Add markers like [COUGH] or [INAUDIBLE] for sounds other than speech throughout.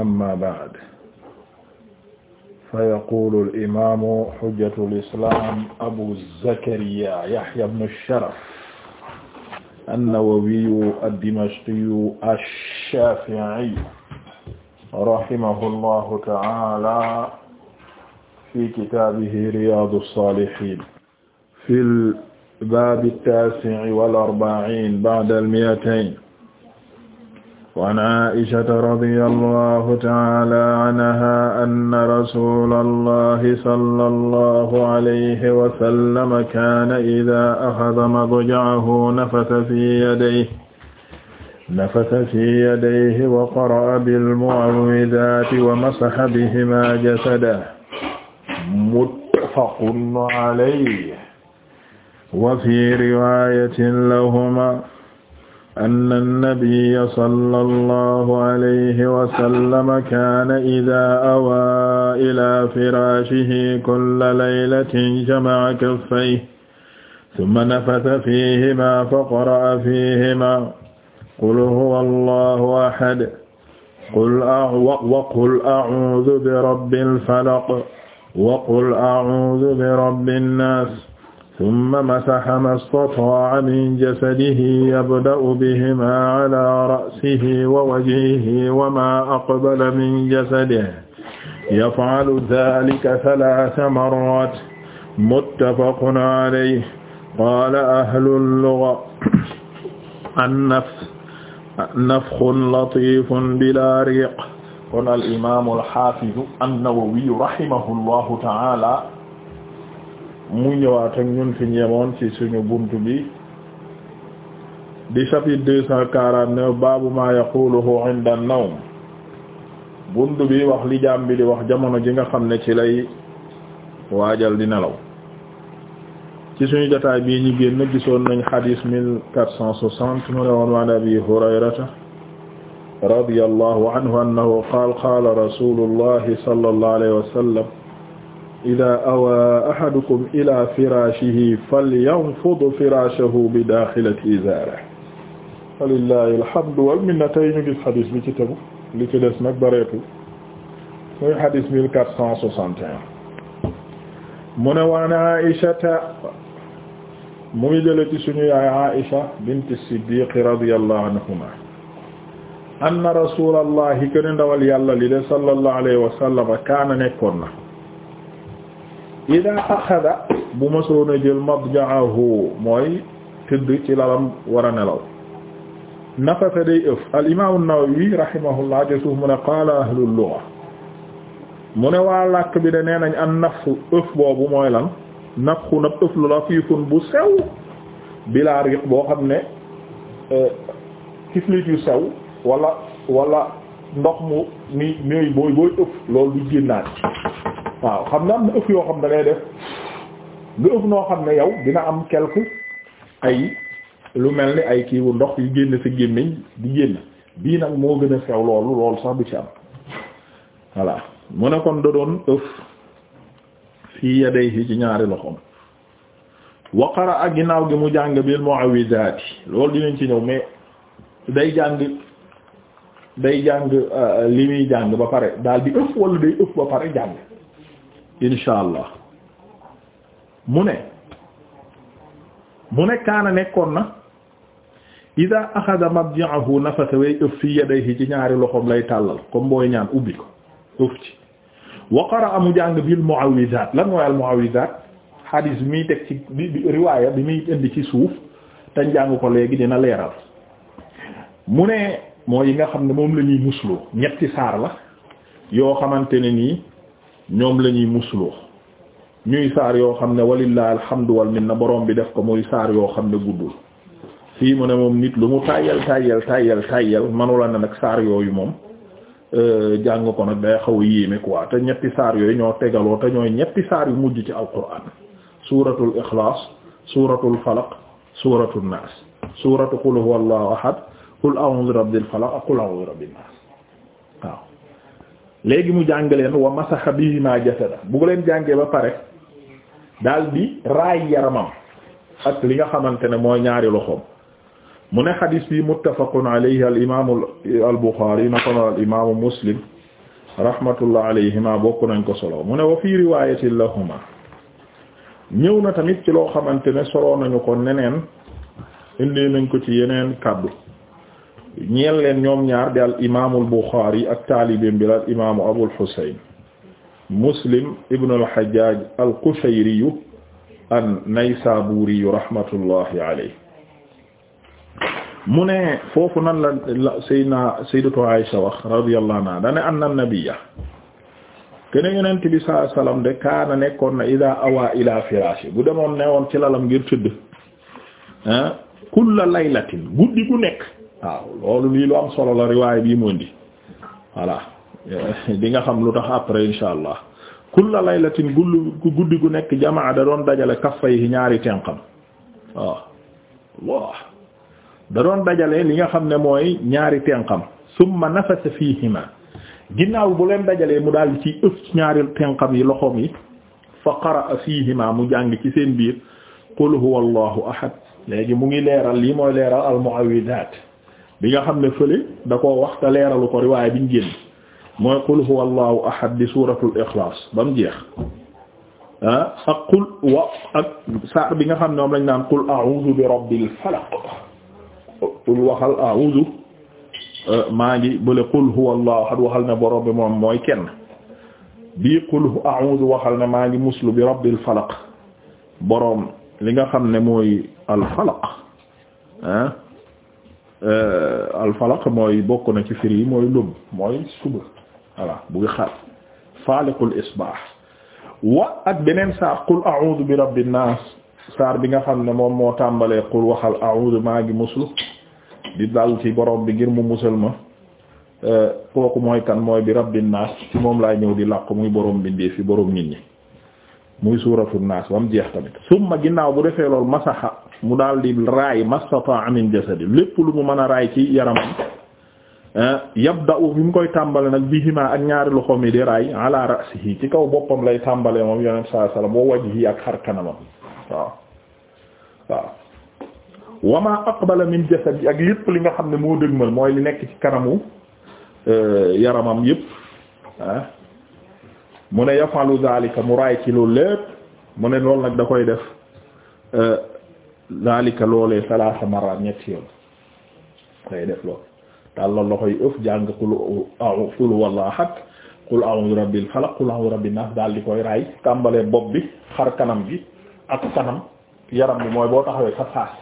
amma ba'd fa yaqulu al-imaamu hujjatu al-islaam abu zakariyaa yahya ibn sharaf an-nawawiyu ad-dimashqiyu ash-shaafi'iyu rahimahullahu ta'aala fi kitaabihi riyaadu saalihiin fil baabi at-taasi'i wal arba'iin ba'da al-mi'atayn wa an aishata radi allahu taala anha anna rasula allahi sala allahu alayhi wasallama kaana ida axada madjacahu nafasa fi yadayhi nafasa fi yadayhi wa qara'a bilmucawwidaati wa masaxa bihimaa jasadahu muttafaqun alayhi wa fi riwaayatin lahumaa anna annabiyya sallallahu alayhi wa sallam kaana idaa awaa ilaa firaashihi kulla laylatin jama'a kaffayhi summa nafatha fiihimaa faqara'a fiihimaa qul huwa allahu ahad qul wa qul a'uudu bi rabbil falaq wa qul a'uudu bi rabbin naas tumma masaha mastataa'a min jasadihi yabda'u bihimaa alaa ra'sihi wa wajhihi wa maa aqbala min jasadihi yaf'alu dhaalika thalaatha marraat muttafaqun alayhi qaala ahlul lugha an-nafs nafkhun latiifun bilaa riiq kon al-imaamul haafidu an-Nawawi rahimahullahu ta'aala mu ñëwaat ak ñun fi ñemoon ci suñu buntu bi di chapitre deux cent quarante baabu ma yaquluhu inda an-nawm buntu bi wax li jaam bi di wax jamono ji nga xam ne ci lay waajal di nelaw ci suñu jotaay bii ñu génn gisoon nañ xadiis mille quatre cent soixante mu ne woon waan abi hurayrata radiyallahu anhu annahu qaala qaala rasulullahi sallallahu alayhi wa sallam ida awaa ahadukum ila firashihi falyanfud firashahu bi daxilati izara walillahi alhamdu wal minna tey ñu gis xadis bi ci tegu li ci des nag bareetu muy xadis mille quatre cent soixante et un mu ne waan aishata mu ngi jële ci suñu yaay aisha bint siddiq radiyallahu anhuma anna rasulallahi kene ndawal yàlla li de sallallahu alayhi wa sallam kaana nekkoon na ida axada bu ma soona jël madja'ahu mooy tëdd ci lalam war a nelaw nafasa day ëf al imaamu Nawawi rahimahullah te suuf mu ne qaala ahlul lugha mu ne waa làkk bi de nee nañ an nafsu ëf boobu mooy lan nafxu nag ëf lu lafiifun bu sew bilaa riq boo xam ne kiflit euh, yu sew wala wala ndox mu ni ñooy booy booy ëf loolu du génnaat waaw xam na am na ëf yoo xam ne def nga ëf noo xam ne yow dina am quelque ay lu mel ni ay kiiwu ndox yu génn sa gémmiñ di génn bii nag moo gën a sew loolu loolu sax du ci am voilà mu ne kon da doon ëf fii yadayhi ci ñaari loxoom wa ak ginnaaw gi mu jàng bil mu'awwizaati loolu dinañ ci ñëw mais day jàng day jàng euh, li muy jàng ba pare daal di ëf wala day ëf ba pare jàng insha mu ne mu nekkaana nekkoon na ida axada mabji'ahu nafasa way ëf fi yadayhi ci ñaari loxoom lay tàllal comme booy ñaan ubbi ko ëf ci wa qara'a mu jàng bil mu'awwizaat lan mooy al mu'awwizaat hadis bi muy teg ci bi riwaaya bi muy indi ci suuf te jàng ko léegi dina leeral mu ne moo yi nga xam ne moom lañuy ñuy musloo ñetti saar la yoo xamante ne nii ñoom lañuy ñuy musloo ñuy saar yoo xam ne walillahi alhamdu wal minna borom bi def ko muy saar yoo xam ne guddul fii mu ne moom nit lu mu tàyyal tàyyal tàyyal tàyyal manula na nag saar yooyu moom euh, jàng ko nag day xaw a yéeme quoi te ñetti saar yooyu ñoo tegaloo te ñooy ñetti saar yu mujj ci alquran suratul ixlaas suratul falaq suratul naas suratu qul huwallahu ahad qul a'udhu bi rabbil falaq naas léegi mu jàng leen wa masaxa bihima jasada bu leen jàngee ba pare daal bi raay yaramam ak li nga xamante ne mooy ñaari loxoom mu ne xadis bi muttafaqun alayhi al imaamu al buxaari na ko al imaamu muslim rahmatullah alayhima bokk nañ ko solo mu ne wa fii riwaayatin lahuma ñëw na tamit ci loo xamante ne solo nañu ko neneen indi nañ ko ci yeneen kàddu ñeel leen ñoom ñaar di al imaamul Buxaari ak taalibeem bi la al imaamu Abul Husayn Muslim ibn al Hajjaj al Qushayri an Naysaburi rahmatullahi alayhi mu ne foofu nan la Sayyidina Sayyidatu Aisha wax radiyallahu anha dane anna nabiyya kene yonent bi sallallahu alayhi nekkoon na ida awa ila firaashi bu demoon ne woon ci lalam ngir tëdd ah kulla laylatin guddi gu waaw loolu lii lu am solo la riwaay bii mu indi voilà nga xam lu tax après insha allah kulla laylatin guddi guddi gu nekk jamaa da doon dajale kaffayhi ñaari tenqam waaw waaw da doon dajale li nga xam ne mooy ñaari tenqam summa nafasa fiihima ginnaaw bu leen dajalee mu daal ci ëf ñaari tenqam yi loxo yi fa qaraa fiihima mu jàng ci seen biir qul huwa allahu ahad léegi mu ngi leeral lii mooy leeral al mu'awwidaat bi nga xam ne fële da koo wax te leeralu ko riwaaya biñ génn mooy qul huwa allahu ahad di suratul ixlaas ba mu jeex ah ak qul saar bi nga xam ne moom lañ naan qul a'udhu bi rabbil falaq qul waxal a'udhu eh, maa ngi bële qul huwa allahu ahad waxal ne borom bi moom mooy kenn bii qul a'udhu waxal ne maa ngi muslu bi rabbil falaq boroom li nga xam ne mooy al Euh, alfalaq mooy bokk na ci firi yi mooy lum mooy suba voilà buy xar faaliqul isbaax wa ak beneen saar qul a'uudu bi rabbin naas saar bi nga xam ne moom moo tàmbalee qul waxal a'uudu maa ngi muslu di dal ci borom bi ngir mu musal ma euh, kooku mooy kan mooy bi rabbin naas ci moom laay ñëw di làqu muy borom bindee fi borom nit ñi muy suuratu naas ba jeex tamit summa ginnaaw bu defee loolu masaxa mu daal di raay mastata min jasadi lépp lu mu mën a raay ci yaramam ah, yabda'u bi mu koy tàmbale nag bihima ak ñaari loxoom yi di raay ci kaw boppam lay tàmbale moom yonent sallallahu alayhi ak xar kanamam waaw waaw wa ma jasadi ak lépp li nga xam ne moo dëgmal mooy li nekk ci kanamu euh, yaramam yépp ah. mu ne yafalu zalika mu raay ci loolu lépp mu ne loolu nag da koy def euh, daalika loolee salaasa maraat ñetti yoon lay def lool tàllal loxo yi ëf jàng qul a'u qul huwallahu ahad qul a'u bi rabbil falaq qul a'u bi rabbin nas daal di koy raay tàmbalee bopp bi xar kanam gi ak kanam yaram bi mooy boo taxawee sa faas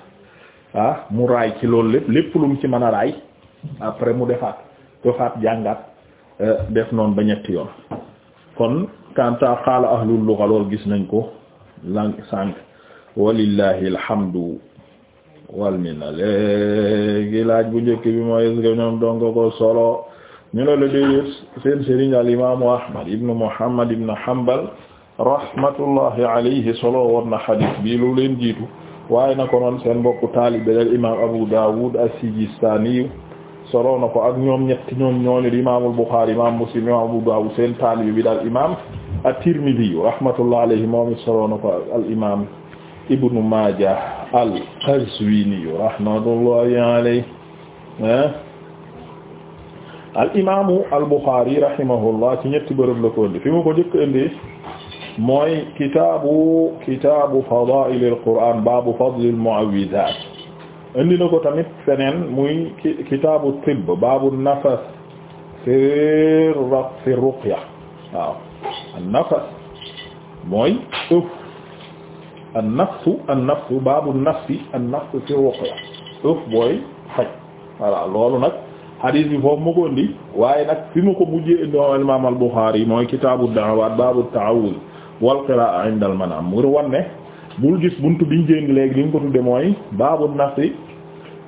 ah mu raay ci loolu lépp lépp lu mu ci mën a raay après mu defaat defaat jàngaat euh, def noonu ba ñetti yoon kon kanta qaala ahlul lugha lool gis nañ ko langue sànq wala alhamdu wal minna léegi laaj bu njëkk bi mooy est-ce que ñoom donc solo ñu ne la déedéet seen sëriñ al imaamu Ahmad ibn Muhammad ibn Hanbal rahmatullahi alayhi solo woon na xadiis bi lu jiitu waaye na ko noon seen mbokku taalibe al imaam Abu Dawud as-Sijistani solo na ko ak ñoom ñetti ñoom ñooñu di imaamul Buxaari imaam Muslim imaam Abu Dawud seen taalibe bi daal imaam at rahmatullahi alayhi moom it solo na ko al imaam. ibnu Maaja al-Qazwini rahmatullahi alayhi al imaamu al Buxaari rahimahullah ci ñetti bërëb la ko indi fi mu ko jëkk indi mooy kitaabu kitaabu fadaa'ilil Qur'aan baabu fadlil mu'awwizaat indi na ko tamit feneen muy kitaabu tibb baabu nafas fi ruqya waaw nafas mooy ëf an nafsu an nafsu baabu nafsi an nafsu ci ruqya ëf booy faj voilà loolu nag hadith bi foofu mu ko indi waaye nag mu ko mujjee indi moom imaam al Bukhari mooy kitaabu da'awaat baabu ta'awuz wal qiraa'a inda al manaam mu wan bul gis buntu biñ jéngi léegi li ko tudde mooy baabu nafsi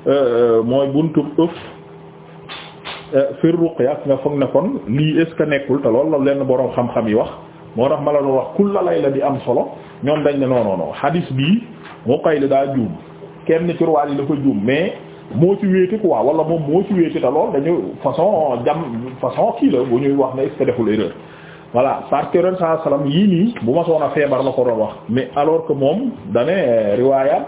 euh, euh, mooy buntu ëf euh, fir ruqya nga foog ne kon lii est ce nekkul te loolu la lenn boroom xam-xam yi wax moo tax ma la doon la kulla layla di am solo ñoom dañ ne non non bii moo bii Uqayl daa juum kenn ci ruwaat yi dafa juum mais moo ci wéete quoi wala moom moo ci wéete te lool dañu façon jam façon kii la bu ñuy wax ne est-ce que deful yii nii bu ma soon a feebar la ko doon wax mais alors que moom dane riwaayam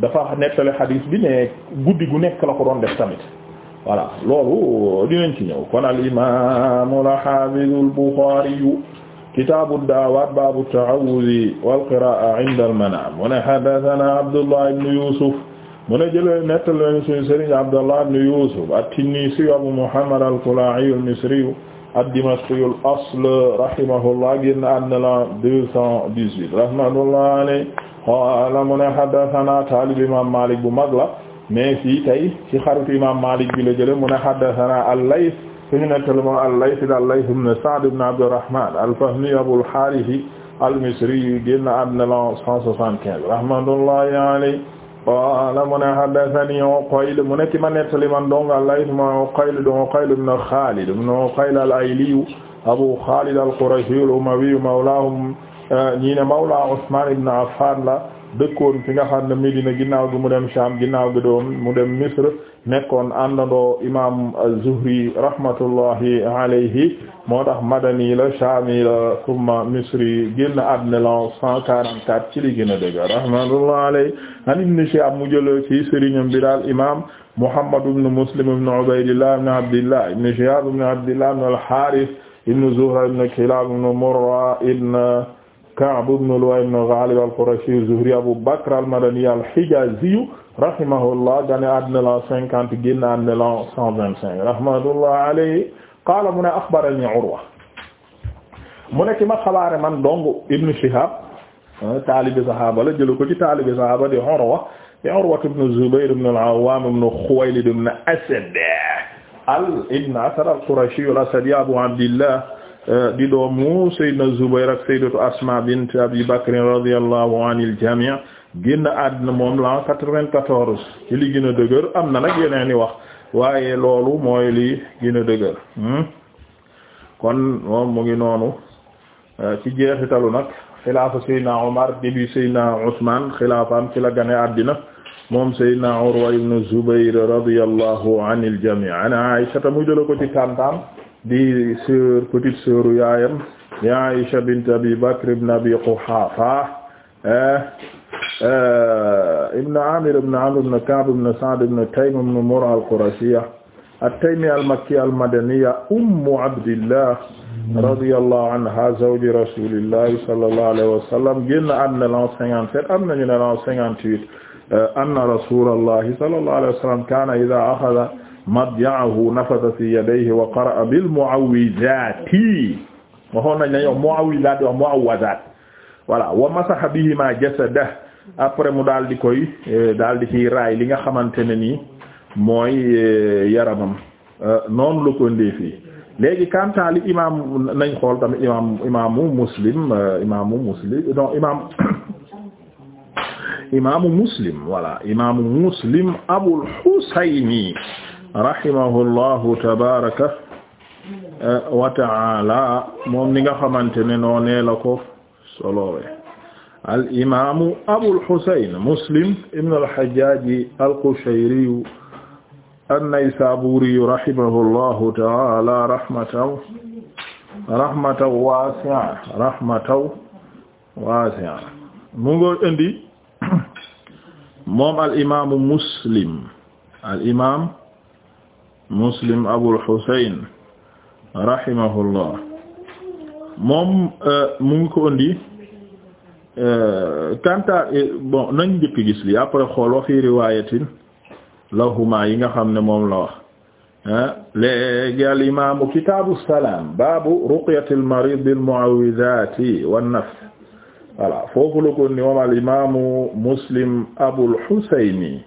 dafa nettale xadiis bi ne guddi gu nekk la ko doon def tamit voilà loolu dinañ ci ñëw kon al imaamul xaafizul Buxaari kitaabu daawaat baabu taawudi wal qiraa inda al manaam mu ne haddasanaa Abdullah ibn Yusuf mu ne jëlee nettali leen suñu sëriñ Abdullah ibn Yusuf at-Tinnisi Abu Muhammad al-Kalaa'i al-Misri ad-Dimashqi al-asl rahimahullah génn àddina la 218 rahmatullah alayhi qaala mu ne haddasanaa taalib imaam Maalik bu mag la mais fii tey ci xaritu imaam Maalik bi la jëlee mu ne haddasanaa al-Layth suñu nettali moom al-Layth al-Layth ibn Sa'd ibn Abdurrahman al-Fahmi Abul Harith al-Misri génn àddina la 175 rahmatullahi alayhi qaala mu ne haddathani Uqayl mu nekk ma nettali man dong al-Layth ma Uqayl do Uqayl ibn Khalid ibn Uqayl al-Ayli Abu Khalid al-Qurashi al-Umawi mawlaahum ñi ne mawla Usman ibn Affan la dëkkoon fi nga xam ne Medina ginnaaw gi mu dem Sham ginnaaw gi doon mu dem Misr nekkoon àndandoo imam az-Zuhri rahmatullahi alayhi moo tax madani la Shami la thumma Misri génn àddina l'an 144 ci li gën a dëgg rahmatullahi alayhi an Ibn Shihab mu jël ci sëriñam bi daal imam Muhammad ibn Muslim ibn Ubaydillah ibn Abdillah ibn Shihab ibn Abdillah ibn al-Harith ibn Zuhra ibn Kilab ibn Murra ibn Ka'b ibn Lu'ay ibn Ghalib al-Qurashi az-Zuhri Abu Bakr al-Madani al-Hijazi rahimahullah gane àddina la cinquante génn àddina la cent vingt-cinq rahmatullah alayhi qaala mu ne axbarani Urwa mu ne ki ma xabaare man dong Ibn Shihab ah, taalibi sahaaba la jëlu ko ci taalibi sahaaba di Urwa di Urwa ibn Zubayr ibn al-Awwam ibn Khuwaylid ibn Asad al ibn Asad al-Qurashi al-Asadi Abu Abdillah Euh, di doomu Seydina Zubayr ak Sayyidatu Asma bint Abi Bakr radiyallahu anil jami' génn àddina moom la 94 ci li gën a dëgër am na nag yeneen i wax waaye loolu mooy li gën a dëgër hmm? kon moom mu ngi noonu euh, ci jeexitalu nag xilaafa Seydina Omar début Seydina Ousmane xilaafaam ci la gane àddina moom Seydina Urwa ibn Zubayr radiyallahu anil jami' ana Aisha mu jël ko ci tantam di sœur petite sœur yaayam di Aïcha bint Abi Bakr ibn Abi Quhafa euh, ibn Amir ibn Amr ibn Ka'b ibn Sa'd ibn Taym ibn Murra al-Qurashiyya at-Taymiyya al-Makkiyya al-Madaniyya Ummu Abdillah radiyallahu anha zawju Rasulillah sallallahu alayhi wa sallam génn am na l'an 57 am nañu ne l'an 58 euh, anna Rasulullah sallallahu alayhi wa sallam kana idha akhadha madja'ahu nafada fi yadayhi wa qara'a bil mu'awwizaati waxoon nañ ne yow mu'awwizaat wax mu'awwazaat voilà wa masaha bihima jasadahu après mu daal di koy eh, daal di ciy raay li nga xamante ne nii mooy eh, yaramam euh, noonu la ko ndee fii léegi kanta li imaam nañ xool tamit imaam imaamu muslim euh, imaamu muslim non imaam [COUGHS] imaamu muslim voilà imaamu muslim abul husayni rahimahullahu tabaraka eh, wa taala moom ni nga xamante ne noo nee la ko soloowe al imamu Abul Husayn Muslim ibn al Hajjaj al Qushayri an-Naysaburi rahimahullahu taala rahmatan rahmatan wasi'a rahmatan wasi'a mu ngi indi moom al imamu Muslim al imam muslim abul husayn rahimahullah moom euh, mu ngi ko indi kanta euh, euh, bon nañ njëkk gis li après xool wa fi riwayatin lahuma yi nga xam ne moom la wax léegi al imaamu kitaabu salaam baabu ruqyatil marid bil mu'awwidaati wan nafs voilà foofu la ko ni moom al imaamu muslim abul husayni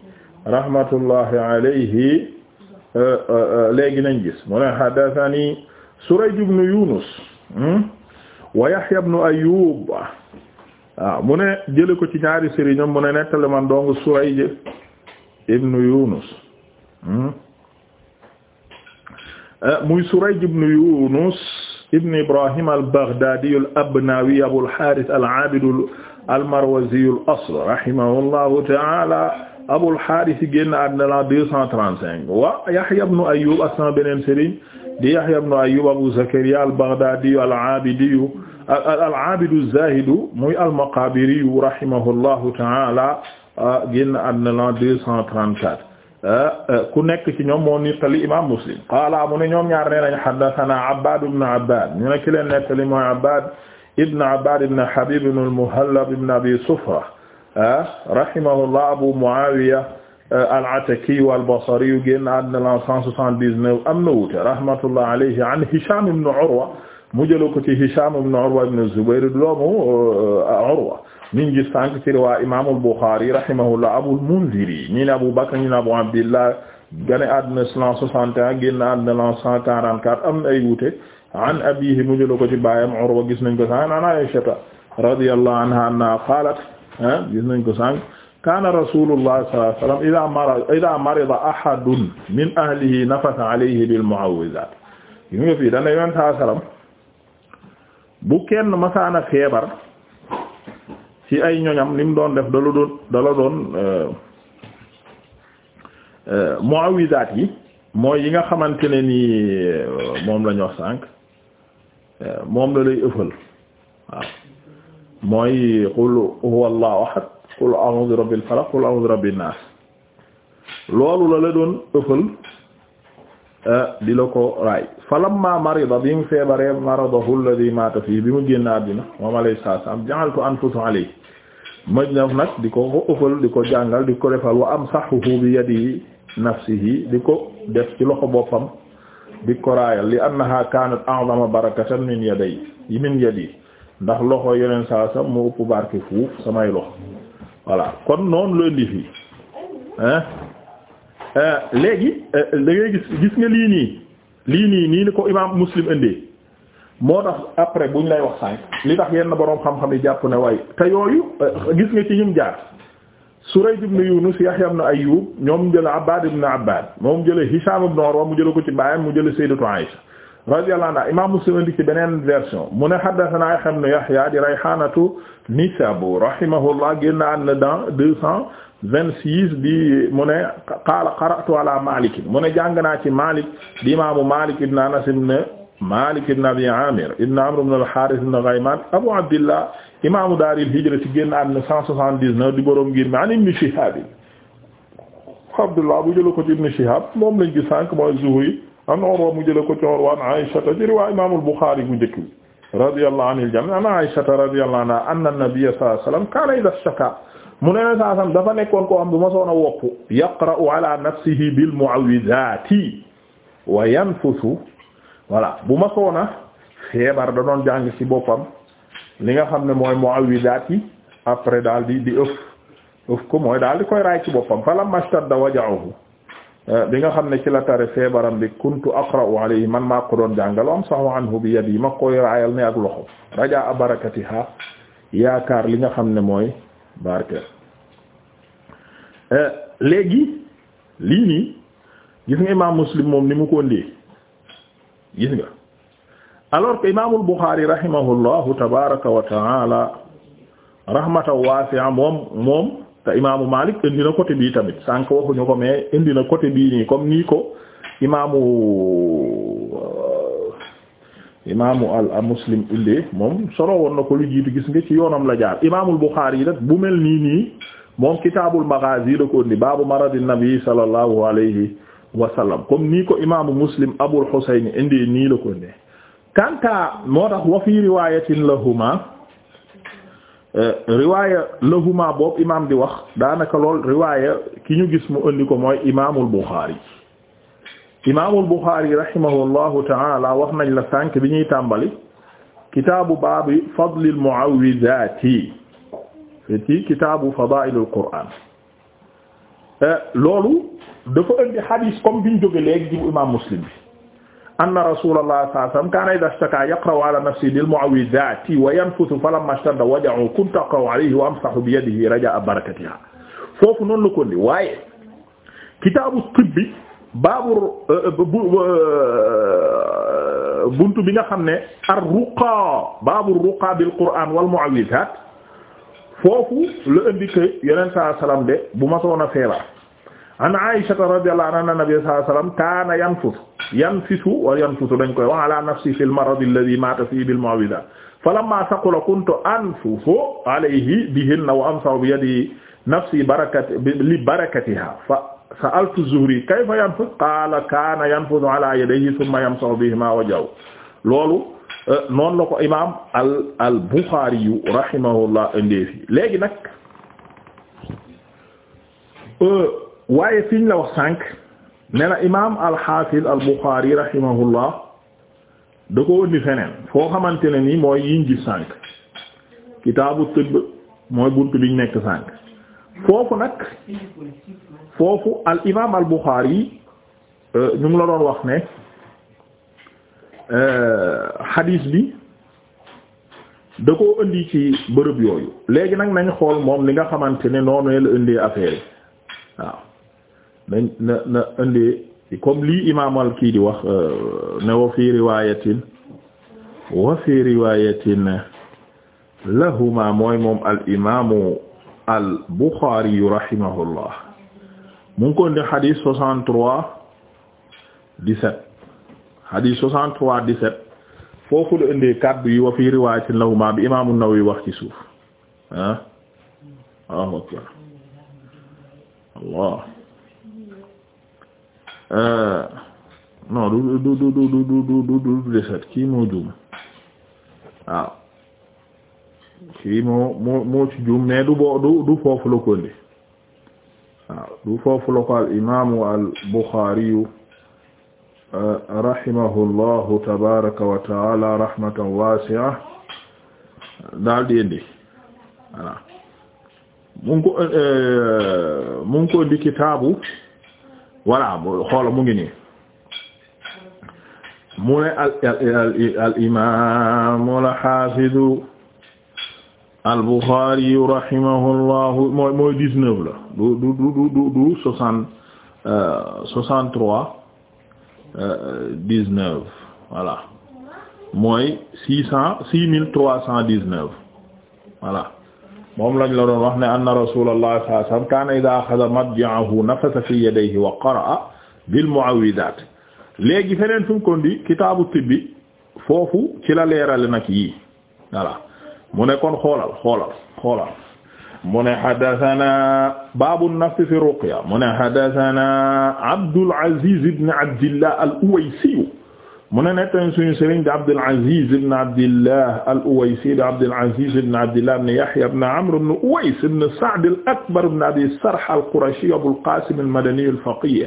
rahmatullahi alayhi Euh, euh, euh, léegi nañ gis mu ne hadathani Surayj ibn Yunus hmm? wa Yahya ibn Ayyub waaw ah, mu ne jële ko ci ñaari sëriñam mu ne nettale man dong Surayj ibn Yunus hmm? eh, muy Surayj ibn Yunus ibn Ibrahim al-Baghdadi al-Abnawi Abul Harith al-Abid al-Marwazi al-asl rahimahullahu ta'ala Abul Haaris génn àddina la 235 wa Yahya ibn Ayyub ak sama beneen sëriñ di Yahya ibn Ayyub Abu Zakariya al-Baghdadi al-Abidi al-Abidu az-Zahidu muy al-Maqabiri rahimahullahu ta'ala génn àddina la 234 ku nekk ci ñoom moo nettali imaam Muslim qaala mu ne ñoom ñaar nee nañ haddasanaa Abbaad ibn Abbaad ñu ne ki leen nettali mooy Abbaad ibn Abbaad ibn Habiib ibn al-Muhallab ibn Abi Sufra Ah, rahimahullah Abu Muawiya eh, al-Ataki al-Basri génn àddina la 179 am na wuute rahmatullah alayhi an Hisham ibn Urwa mu jëloon ko ci Hisham ibn Urwa ibn Zubayr doomu eh, Urwa ñu ngi gis sànq ci riwaa Imaamul Bukhari rahimahullah Abul Munziri ñi ne Abu Bakr ñi ne Abu Abdillah gane àddina 161 génn àddina 144 am na ay wuute an abiihi mu jëloon ko ci baayam Urwa gis nañ ko sax an Aysata radiyallahu anha anna qaalat ah gis nañ ko sànq kaana rasulullah sallallahu alayhi wa sallam ida marida ida min ahlihi nafasa alayhi fii dana yoon saa bu kenn masaana feebar ci ay ñoñam lim doon def dala doon dala doon euh, mu'awwizaat yi mooy yi nga xamante ne ni euh, moom la ñu wax sànq euh, moom la lay ëffal waaw mooy qul huwa allahu ahad qul a'udhu bi rabbil falaq qul a'udhu bi rabbin nas loolu la la doon ëffal eh, di la ko raay falamma marida bi mu feebaree maradahu alladhi mata fii bi mu génn àddina moom alayhi salaam ja'altu anfusu alayhi ma def nag di ko ko ëffal di ko jàngal di ko defal wa amsahuhu bi yadi nafsihi di ko def ci loxo boppam di ko raayal li annaha kanat a'zama barakatan min yaday min yadi ndax loxo yeneen saa sa moo ëpp barke fuuf samay loxo voilà kon noonu la indi fii euh, léegi euh, da gis gis nga lii nii lii nii nii ni ko imaam muslim indee moo tax après buñ lay wax sànq li tax yenn boroom xam-xam yi jàpp ne waaye te yooyu euh, gis nga ci ñum jaar su Surayj ibn Yunus na ay Ayyub ñoom jële Abbad ibn Abbad moom jële Hisham ibn Urwa mu jële ko ci baayam mu jële Sayyidatu Aisha radiyallahu anhu imam Muslim indi ci beneen version mu ne haddathana Yahya ibn Yahya di Rayhanatu Nisabu rahimahullah génn na àddina dans deux cent vingt-six di mu ne qaala qara'tu ala Malik mu ne jàng naa ci Malik di imaamu Malik ibn Anas ibn Malik ibn Abi Amir ibn Amr ibn al-Harith ibn Ghayman Abu Abdillah imaamu daaril hijra ci génn na àddina cent soixante-dix-neuf di boroom ngir mi an Ibn Shihab Abdullah bu jël ko ci Ibn Shihab moom lañ gis sànq mooy Zuhri an Urwa mu jële ko ci Urwa an Aysata ci riwaaya Imaamul Buxaari bu njëkk bi radiyallahu anil jamii an Aysata radiyallahu anha anna nabiyya sallallahu alayhi wasallam kaana idhaa shtakaa mu ne saa sam dafa nekkoon koo xam bu ma soon a wopp yaqra'u ala nafsihi bil mu'awwizaati wa yanfusu voilà bu ma soon a feebar da doon jàng ci boppam li nga xam ne mooy mu'awwizaat yi après daal di di ëf ëf ko mooy daal di koy raay ci boppam falamma shtadda waja'uhu Euh, bi nga xam ne ci la tare feebaram bi kuntu aqra'u alayhi man maa ko doon jàngal am sahu anhu bi yadi ma koy raayal ne ak loxo rajaa barakatiha yaakaar li nga xam ne mooy barke euh, léegi lii nii gis nga imaam muslim moom ni mu ko ndee gis nga alors que imaamul buxaari rahimahullahu tabaraka wa moom moom te imaamu Malik indi na côté bii tamit sànq waxuñu ko mais indi na côté bii nii comme nii ko imaamu euh, imaamu al Muslim indi moom solo woon na ko lu jiitu gis nga ci yoonam la jaar imaamul Bukhari yi nag bu mel nii nii moom kitaabul Maghazi da ko indi baabu maradi nabi sallallahu alayhi wa sallam comme nii ko imaamu Muslim Abul Husayn indi nii la ko indi kanta moo tax wa fi riwaayatin lahuma Euh, riwaaya lahuma boobu imaam di wax daanaka lool riwaaya ki ñu gis mu indi ko mooy imaamul Buxaari imaamul Buxaari rahimahullahu taala wax nañ la sànk bi ñuy tàmbali kitaabu baabi fadlil mu'awwizaati ci kitaabu fadaa'ilul qur'aan euh, loolu dafa indi xadiis comme bi ñu jóge léegi jibu imaam Muslim anna rasulallah sallallahu alayhi wasallam kaana idha ishtaka yaqra'u ala nafsihi bil mu'awwidhati wa yanfuthu falamma ishtadda waja'uhu kuntu aqra'u alayhi wa amsahu bi yadihi raja'a barakatiha foofu noonu la ko indi waaye kitaabu tibbi baabu buntu bi nga xam ne ar-ruqaa baabu ruqaa bil qur'aan wal mu'awwidhaat foofu la indi que yeneen saa salaam de bu ma soona feebar an Aïshata radiyallahu anha anna nabiyya sallallahu alayhi wasallam kaana yanfus yanfisu wa yanfusu dañ koy wax ala nafsi fil marad alladhi mata fihi bil mu'awwidat falamma saqula kuntu anfusu alayhi bihinna wa amsahu bi yadi nafsi barakat li barakatiha fa sa'altu Zuhri kayfa yanfus qaala kaana yanfusu ala yadayhi thumma yamsahu bihima wajhahu loolu euh, noonu la ko imaam al al Bukhari rahimahullah ndeefi léegi nag. Euh, waaye fiñ la wax sànq ne la imaam al-Hafiz al-Bukhari rahimahullah da ko indi feneen foo xamante ne nii mooy yiñ gis sànq kitaabu tibb mooy bunt biñ nekk sànq foofu nag foofu al imaam al Bukhari euh, ñu ngi la doon wax ne hadith euh, bi da ko indi ci bërëb yooyu léegi nag nañ xool moom li nga xamante ne noonu la indee affaire waaw. nañ na na indi comme lii imaamal kii di wax euh, ne wa fi riwayatin wa fi riwayatin lahuma mooy moom al imaamu al Bukhari rahimahullah mu ngi ko ndi hadith 63 17 hadith 63 17 foofu la indee kaddu yi wa fi riwayatin lahuma bi imaamu Nawawi wax ci suuf ah? non kii moo juum waaw kii moo moo moo ci juum du boo du du du foofu al imaamu al Buxaariyu rahimahullahu tabaaraka wa ta'aala rahmatan waasi'a daal di indi voilà mu ngi ko euh, mu ngi kitaabu voilà xoola mu ngi nii mu ne al al imam al hafiz al Bukhari rahimahullahu mooy mooy neuf la du du du du du soixante euh, trois euh, dix-neuf voilà mooy six cent six mille trois cent dix-neuf voilà moom lañ la doon wax ne anna rasulullah sallallahu alayhi wasallam kaana idha akhadha madja'ahu nafasa fi yadayhi wa qara'a bil mu'awwidat léegi feneen fu mu ko ndi kitaabu tibbi foofu ci la leerale nag yii voilà mu ne kon xoolal xoolal xoolal mu ne hadathana babu nafsi fi ruqya mu ne hadathana Abdul Aziz ibn Abdillah al-Uwaysi mu ne nettali suñu sëriñ di Abdul Aziz ibn Abdillah al-Uwaysi di Abdul Aziz ibn Abdillah ibn Yahya ibn Amr ibn Uways ibn Sa'd al-Akbar ibn Abi Sarh al-Qurashi Abul Qasim al-Madani al-Faqih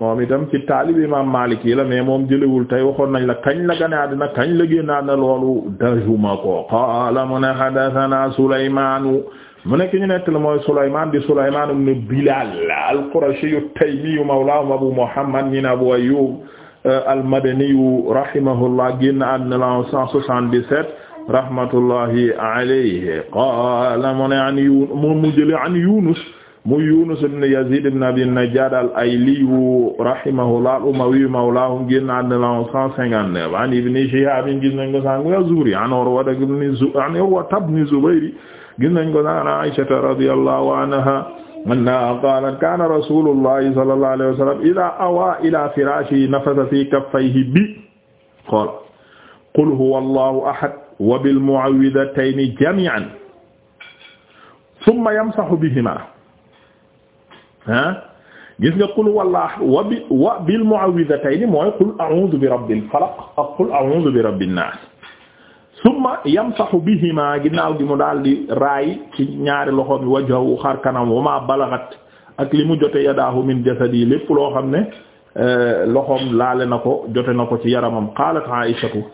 moom itam ci taalib Imaam Maalik yi la mais moom jëlewul tey waxoon nañ la kañ la gane àddina kañ la génn àddina loolu dajuma ko qaala mu ne haddasanaa Sulaymaanu mu nekk ñu nettali mooy Sulaymaan di Sulaymaan ibn Bilaal al-Qurashi at-Taymi mawlaahum Abu Muhammad ibn Abu Ayyub Euh, almadaniyu rahimahullah génn àddina la 177 rahmatullahi alayhi qaala mu ne an Yunus moom mu jële an Yunus mu Yunus ibn Yazid ibn Abi Najjad al-Ayliyu rahimahullah al-Umawi mawlahum génn àddina la 159 an Ibn Shihab gis nañ ko sànq az-Zuhri an Urwa ibn Zubayr gis nañ ko sànq Aisha radiyallahu anha annahaa qaalat kaana rasuulullahi sallallahu alayhi wa sallam idaa awaa ilaa firaashihi nafasa fii kaffayhi bi qaal qul huwa allahu ahad wa bil mu'awwidatayni jamii'an summa yamsahu bihimaa ah gis nga qul huwa allahu ahad wa bi wa bil mu'awwidatayni mooy qul a'uudu bi rabbil falaq ak qul a'uudu bi rabbin naas summa yamsahu bihima ginnaaw gi mu daal di raay ci ñaari loxo mi wajahu xar kanam wa ma balagat ak li mu jote yadaahu min jasadi lépp loo xam ne euh, loxoom laale na ko jote na ko ci yaramam qalat aishatu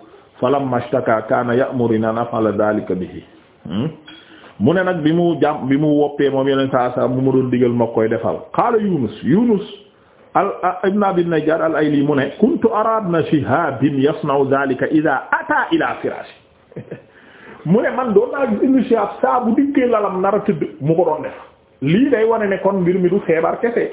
falamma ishtaka kana ya'muruna nafala dhalika bihi hmm? mu ne nag bi mu jàm bi mu woppee moom yeneen saa saa mu ma doon digal ma koy defal qaala yunus yunus al ibn abi najjar al ayli mu ne kuntu ara ibn shihab yasna'u dhalika idha ata ila firashi mu ne man doon naa gis initiative saa bu dikkee lalam nar a tëdd mu ko doon def lii day wane ne kon mbir mi du feebar kese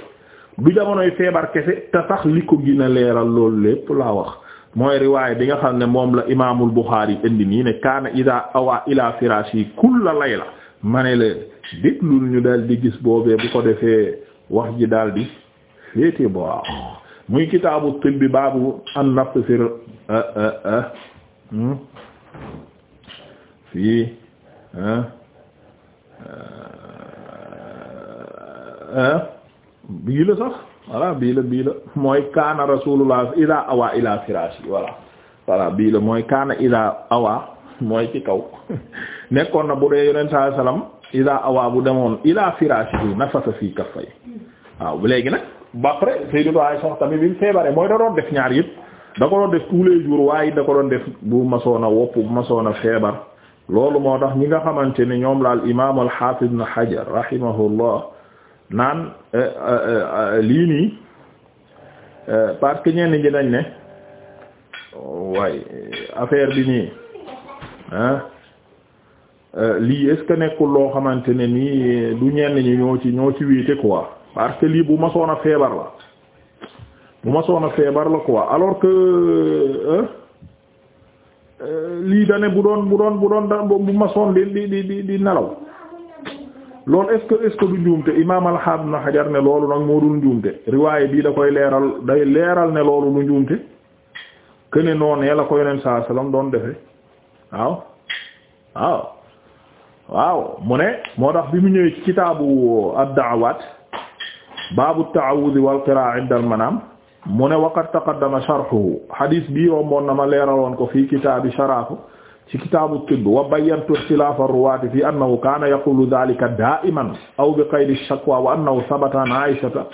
du jamonoy feebar kese te sax li ko gën a leeral loolu lépp laa wax mooy riwaay bi nga xam ne moom la imaamul Buxaari indi nii ne kaana ida awa ila firaashi kulla layla ma ne la déglul ñu daal di gis boobee bu ko defee wax ji daal di féete muy kitaabu tibbi baabu an nafs fir eh, eh, eh, hmm? fii euh, bii la sax voilà bii la bii la mooy kaana rasulullah ila awa ila firaashi voilà voilà bii la mooy kaana ila awa mooy ci kaw [LAUGHS] nekkoon na bu dee yonent sallallahu alayhi wasallam ila awa bu demoon ila firaashi nafasa fii kaffay waaw léegi nag ba après Sayyidatu Aisha tamit bi feebaree mooy da doon def ñaar yëpp da ko doon def tous les waaye da ko doon def bu masoona wopp bu masoona feebar loolu moo tax ñi nga xamante ne ñoom la al imaam al xaafid ibn Hajar rahimahullah naan eh, eh, eh, lii nii parce que ñenn ñi dañ ne waaye affaire bi nii ah lii est-ce nekkul loo xamante ne nii du ñenn ñi ñoo ci ñoo ci wéete quoi parce que lii bu ma soon a feebar la bu ma soon a feebar la quoi alors que. Euh, lii da ne bu doon bu doon bu doon da bu masoon di di di di nelaw loolu est-ce que est du njuumte imaam alxaam na xajar ne loolu nag moo dul njuumte riwaaye bii da koy leeral day leeral ne loolu du njuumte que ne noonee la ko yoneen saa doon defe waaw waaw mu ne moo tax bi mu ñëwee ci kitaabu ad-da'awaat baabu at wal qiraa'a 'inda al-manaam mu ne waqad taqaddama sharhuhu hadis bii romboon na ma leeraloon ko fii kitaabi sharaafu ci kitaabu tibb wa bayyantu ixtilaafa ruwaati fi annahu kaana yaqulu dhaalika daa'iman aw bi qaydi shakwa wa annahu sabata an Aysata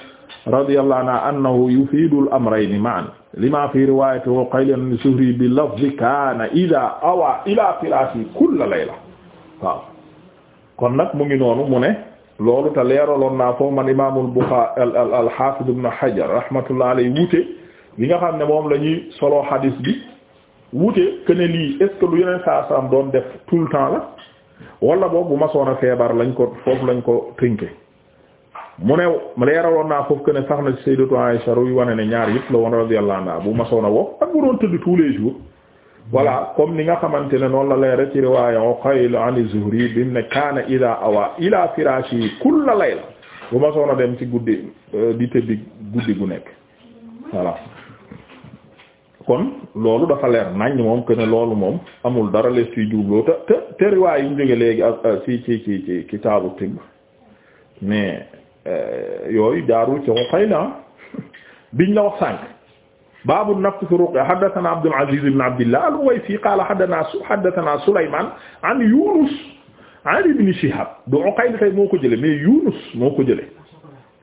radiyallahu anha annahu yufiidu al-amrayni ma'an limaa fi riwaayati Uqayl an-Zuhri bi lafzi kaana idhaa awaa ilaa firaashihi kulla layla waaw kon nag mu ngi noonu mu ne loolu te leeraloon naa foofu man imaamul Buxaari al al al xaafid ibn Hajar rahmatullah alayhi wuute li nga xam ne moom la ñuy solo hadis bi wuute que lii est lu yeneen saa saam doon def tout le temps la wala boobu bu ma a feebar lañ ko foofu lañ ko tënke mu ne leeraloon naa foofu que ne sax na a Aisha yu wane ne ñaar yëpp la woon radiyallahu anha bu ma soon a woo ak bu doon tëdd tous les jours. voilà comme ni nga xamante ne noonu la leere ci riwaaya Uqayl an Zuhri bi mu ne kaana ida awa ila firaashi kulla layla bu ma a dem ci guddi euh, di tëddi guddi gu nekk voilà kon loolu dafa leer nañ moom que loolu moom amul dara les ciy jubloo te te te riwaay yi ñu jóge léegi euh, euh, ci ci ci ci kitaabu tibb mais yooyu jaarul ci Uqayl ah. [LAUGHS] biñ la wax sànq baabu nafs fi ruqya haddathana Abdul Aziz ibn Abdillah al-Uwaysi qaala haddathana Sulaymaan an Yunus an Ibn Shihab du Uqayl tey moo ko jëlee mais Yunus moo ko jëlee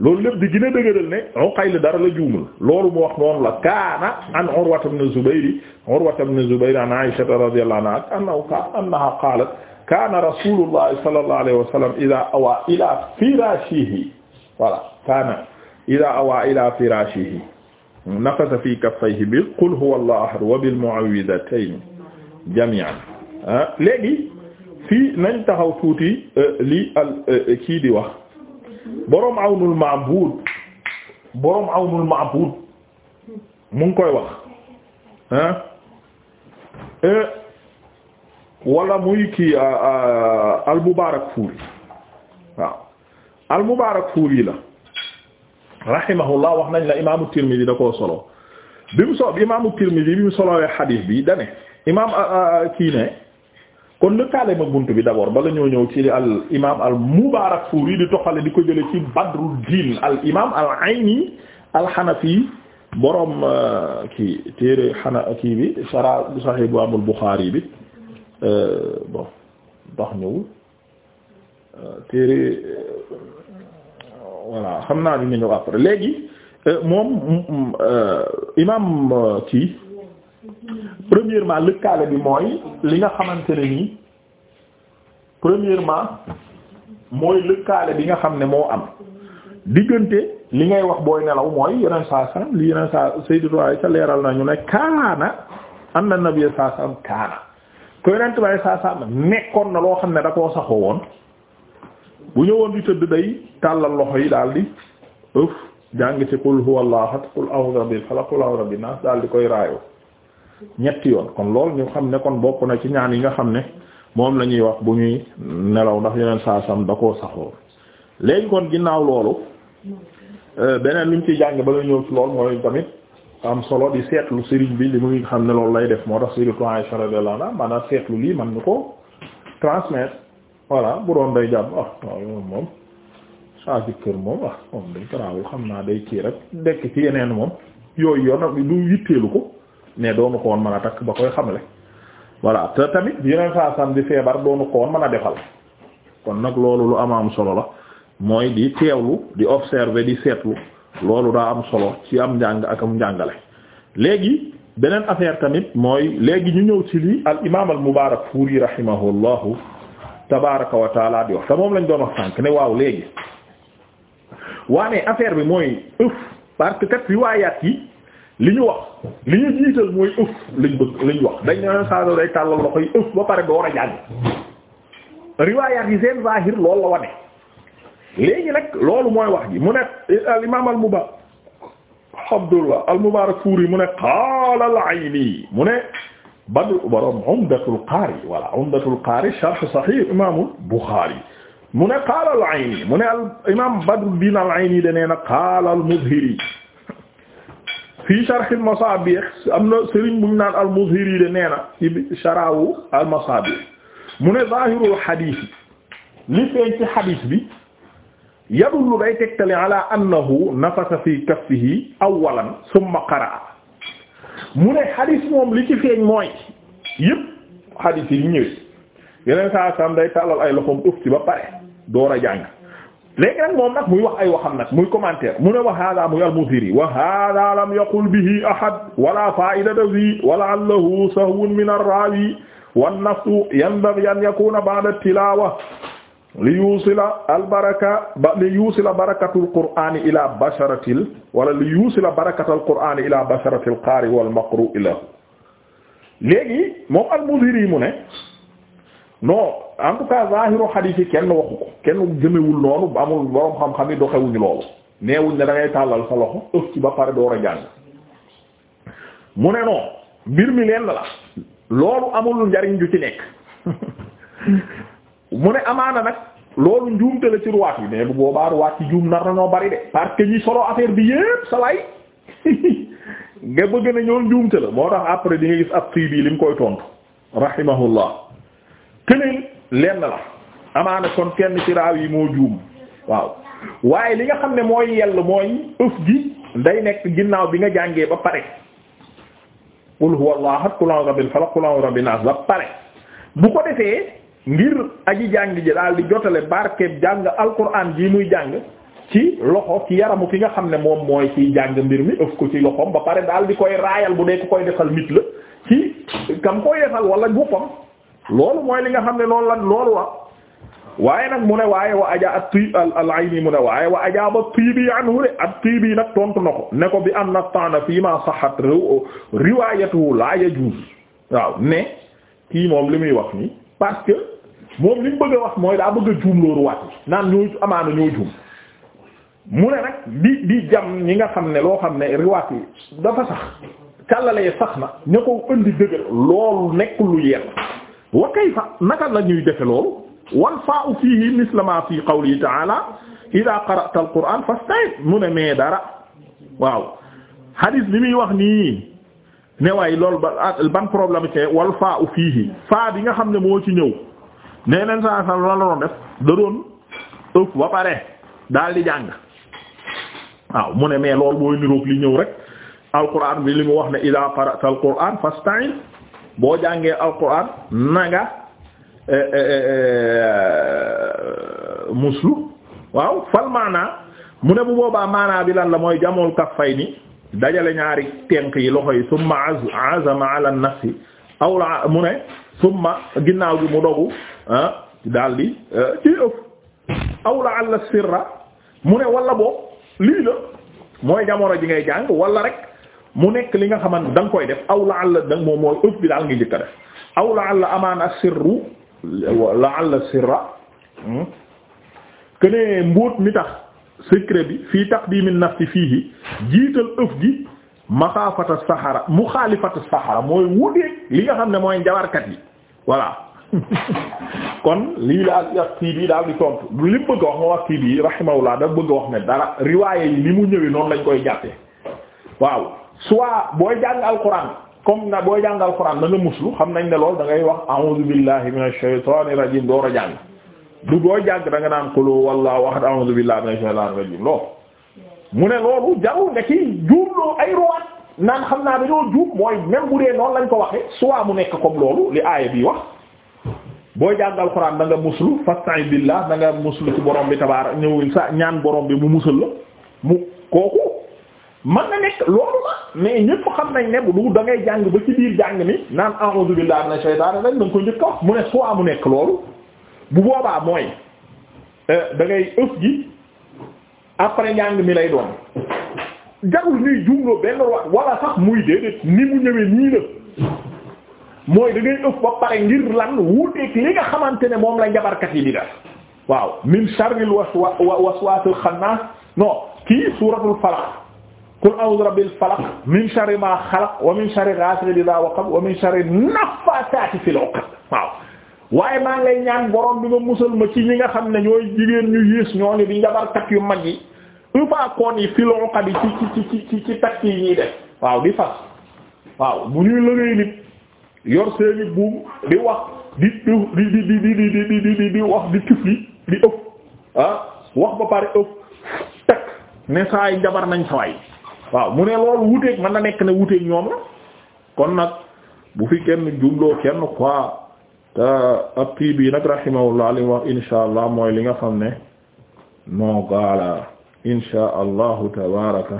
loolu lépp di gën a dëgëral ne Uqayl dara la juumul loolu mu wax noonu la kaana an Urwa ibn Zubayr Urwa ibn Zubayr an Aisha radiyallahu anha annaha qaalat kaana rasuulullahi sallallahu alayhi wa sallam idhaa awaa ilaa firaashihi voilà kaana idhaa awaa ilaa firaashihi nafasa fii kaffayhi bi qul huwa allahu ahad wa bil mu'awwidatayn jami'an ah, léegi fii nañ taxaw tuuti euh, li al euh, kii di wax boroom awnul ma'bud boroom awnul ma'bud mu ngi koy wax ah euh, wala muy kii al mubaarak fuuri waaw al mubaarak fuuri la rahimahullah wax nañ la imaamu Tirmidi da koo solo bi mu so imaamu Tirmidi bi mu solowee xadiis bi dane imaam kii ne kon lëkkaale ma bunt bi d'abord bala ñoo ñëw ci al imaam al Mubaarakfuuri di toxale di ko jële ci Badruddin al imaam al Ayni al Hanafi boroom kii téere xana kii bi sara Sahih bu amul Buxaari bi euh, bon ndax ñëwul euh, téere voilà xam naa ni ñëw après léegi euh, moom mm, euh, imam euh, kii premièrement lëkkaale bi mooy li nga xamante ne nii premièrement mooy lëkkaale bi nga xam ne moo am diggante li ngay wax booy nelaw mooy yeneen saa salam li yeneen saa Sayyidatu Aisha leeral nañu ne kaana anna nabiyyu saa salam kaana ko yeneen tubaab saa salam nekkoon na loo xam ne da koo saxoo woon bu ñëwoon di tëdd day tàllal loxo yi daal di ëf jàng ci qul huwallahu ahad qul a'udhu bi falaq qul a'udhu bi nas daal di koy raayoo ñetti yoon kon lool ñu xam ne kon bokk na ci ñaan yi nga xam ne moom la ñuy wax bu ñuy nelaw ndax yeneen saa sam da koo saxoo léegi kon ginnaaw loolu euh, beneen luñ ci jàng ba la ñëw ci lool mooy tamit am solo di seetlu sëriñ bi li mu ngi xam ne loolu lay def moo tax surtout Aisha radiyallahu anha maanaam seetlu lii man ñu ko transmettre voilà bu doon day jàpp ah waaw moom saa si kër moom ah moom day garaawul xam naa day kii rek ndekk ci yeneen moom yooyu yoon du yitteelu ko ne doonu ko woon mën a takk ba koy xamle voilà te tamit yeneen saa sam feebar doonu ko woon mën a defal kon nag loolu lu am am solo la mooy di teewlu di observer di seetlu loolu daa am solo ci am njàng ak am njàngale léegi beneen affaire tamit mooy léegi ñu ñëw si lii al imaam al Mubaarak Fuuri rahimahullahu tabaraka wa taala di wax te moom lañ doon wax sànq ne waaw léegi waane affaire bi mooy ëf parce kat riwaayaat yi li ñu wax li ñu jiital mooy ëf lañ bëgg wax dañ ne saado day tàllal loxo yi ëf ba pare ba war jàng riwaayaat yi seen zahir loolu la wane léegi nag loolu mooy wax ji mu ne al imam al mubarak al mubarak fuuri mu ne qaala al ayni mu ne badu borom Umdatul Qaari voilà Umdatul Qaari sharh Sahih Imaamul Buxaari mu ne qaala al-Ayni mu ne al imaam Badruddin al-Ayni da nee na qaala al-Muzhiri fii sharh al-Masaabih am na Serigne bu ñu naan al-Muzhiri da nee na ci sharaawu al-Masaabih mu ne zaahirul hadiis li feeñ ci hadiis bi yadullu day tegtale ala annahu nafasa fii kaffihi awwalan summa qara'a mu ne xadis moom li ci feeñ mooy yëpp xadis yi ñëwee yeneen saa saam day tàllal ay loxoom ëf ci ba pare door a jàng léegi nag moom muy wax ay waxam nag muy commentaire mu wax wa hada muy al wax wa hada lam yaqul bihi ahad wala faidata fi wala allahu sahwun min ar-rawi wan nafsu yanbaghi an yakuna ba'da tilawa li yuusila albaraka ba li yuusila barakatul qur'aani ilaa basharatil wala li yuusila barakatul qur'aani ilaa basharatil qaari wal maqru'i lahu léegi moom al-Muziri mu ne non en tout cas zaahiru xadiis yi kenn waxu kenn jëmewul noonu ba amul borom xam-xam yi doxewuñu loolu neewuñ ne dangay ngay tàllal sa loxo ëf ba pare door a jàng mu ne non mbir mi lenn la loolu amul njariñ ju ci nekk. [LAUGHS] mu ne amaana nag loolu njuumte la ci ruwaat yi mais bu boobaa ruwaat yi juum nar nañoo bari de parce que ñi solo affaire bi yépp sa waay [LAUGHS] nga bëgg na ñoom njuumte la moo tax après di nga gis ab tii bii li mu koy tontu rahimahullah keneen lenn la amaana kon kenn ci raaw yi moo juum waaw waaye li nga xam ne mooy yell mooy ëf gi day nekk ginnaaw bi nga jàngee ba pare qul huwallahu ahad qul a'udhu birabbil falaq qul a'udhu birabbin nas ba pare bu ko defee ngir aji jàng ji daal di jotale barkeeb jàng alquran ji muy jàng ci loxo ci yaramu ki nga xam ne moom mooy ciy jàng mbir mi ëf ko ci loxoom ba pare daal di koy raayal bu dee ku koy defal nit la ci kam koy defal wala boppam loolu mooy li nga xam ne lool la loolu wax waaye nag mu ne waaye wa aja at ti al ayni mu ne waaye wa aja ba tiibi anhu de at tiibi nag tontu na ko ne ko bi am na taana fii ma saxat riwaayatu la yajuz waaw moom li wax moom li mu bëgg wax mooy daa bëgg a juum loolu waat naan ñoo amaana ñoo juum mu ne nag di di jam ñi nga xam ne loo xam ne riwaat yi dafa sax càllalee sax na ña ko indi dëgër loolu nekk lu yell wa kayfa naka la ñuy defe loolu wal faa u fiihi misla ma fi qawlihi ta'ala ida qara'ta al-qur'an fasta'id mu ne mais dara waaw hadith bi muy wax nii ne waaye loolu ba ban problème ci wal faa u faa bi nga xam ne moo ci ñëw nee neen saa la doon def da doon ëpp ba pare daal di jàng waaw mu ne mais loolu booy niroog li ñëw rek alquran bi li mu wax ne ida qara'ta alquran fasta'in boo jàngee alquran na nga eh, eh, eh, muslu waaw fal maanaa mu ne bu boobaa maanaa bi lan la mooy jamul kaffayni dajale ñaari tenk yi loxo yi summa azama ala nafsi aw la mu ne summa ginnaaw gi mu dogu daal di eh, ci ëpp aw la àll sirra mu ne wala boobu lii la mooy jamono ji ngay jàng wala rek mu nekk li nga xamante da nga koy def aw la àll da nga moom mooy ëpp bi daal nga jëkk def aw la àll amaana sirru la àll sirra que hmm, ne mbóot mi tax secret bi fii taqdimin nafsi fii jiital ëf gi. maxaafata saxara muxaalifata saxara mooy wuteeg li nga xam ne mooy njabarkat yi voilà [LAUGHS] kon lii la ak kii bii daal di tontu li mu bëgg a wax moom ak kii bii rahimahullah da bëgg wax ne dara riwaaye yi li mu ñëwee noonu lañ koy jàppee waaw su soit booy jàng alquran comme na booy jàng alquran da nga muslu xam nañ ne lool da ngay wax a'udhu billahi minash shaytanir rajim door a jàng du booy jàng da nga naan qul huwallahu ahad a'udhu billahi minash shaytanir rajim loolu mu ne loolu jarul nga ci juumloo ay ruwaat naan xam naa dañoo juum mooy même bu dee noonu lañ ko waxe soit mu nekk comme loolu li aaya bi wax boo jàngal Alxuraan da nga muslu fasta'in billah da nga muslu ci borom bi tabaar ñëwul sa ñaan borom bi mu musal la mu kooku man na nekk loolu la mais ñëpp xam nañ ne bu du da ngay jàng ba ci biir jàng mi naan a'udhu billahi minash shaytaanir rajiim da nga ko njëkk wax mu ne soit mu nekk loolu bu boobaa mooy euh, dangay ngay après njàng mi lay doon jarul ñuy jumloo benn wax wala sax muy déedéet ni mu ñëwee nii la mooy da ngay ëpp ba pare ngir lan wuuteeg li nga xamante ne moom la njabarkat yi di def waaw min sharril waswa waswasil xannaas non kii suuratul falaq qul a'udhu birabbil falaq min sharri ma xalaq wa min sharri ghasiqin idha waqab wa min sharri naffasaati fil 'uqad waaw waaye naa ngi lay ñaan borom bi nga musal ma ci ñi nga xam ne ñooy jigéen ñu yées ñoo ni di njabarkat yu mag yi ëppakoon yi filookat yi ci ci ci ci takk yi ñuy def waaw di fas waaw bu ñuy lëgéey nit yor seeni buum di wax di di di di di di di di di wax di tifli di ëpp ah wax ba pare ëpp teg ne saay njabar nañ saway waaw mu ne loolu wuteeg mën na nekk ne wuteeg ñoom la kon nag bu fi kenn jumloo kenn quoi Euh, ab tii nag rahimahullah li mooy li nga xam ne moo gaala insha allahu tabaraka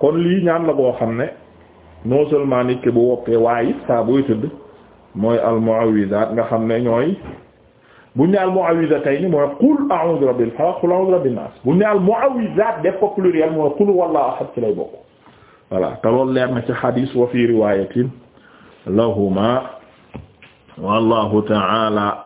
kon lii ñaan la boo xam ne non seulement nit bu woppee waaye saa buy tëdd mooy al nga xam ne ñooy bu ñu mooy qul a'udhu bi rabbil def ko mooy qul wallahu ahad ci lay bokk voilà te loolu ci hadis wa fi riwayatin lahuma wallahu ta'ala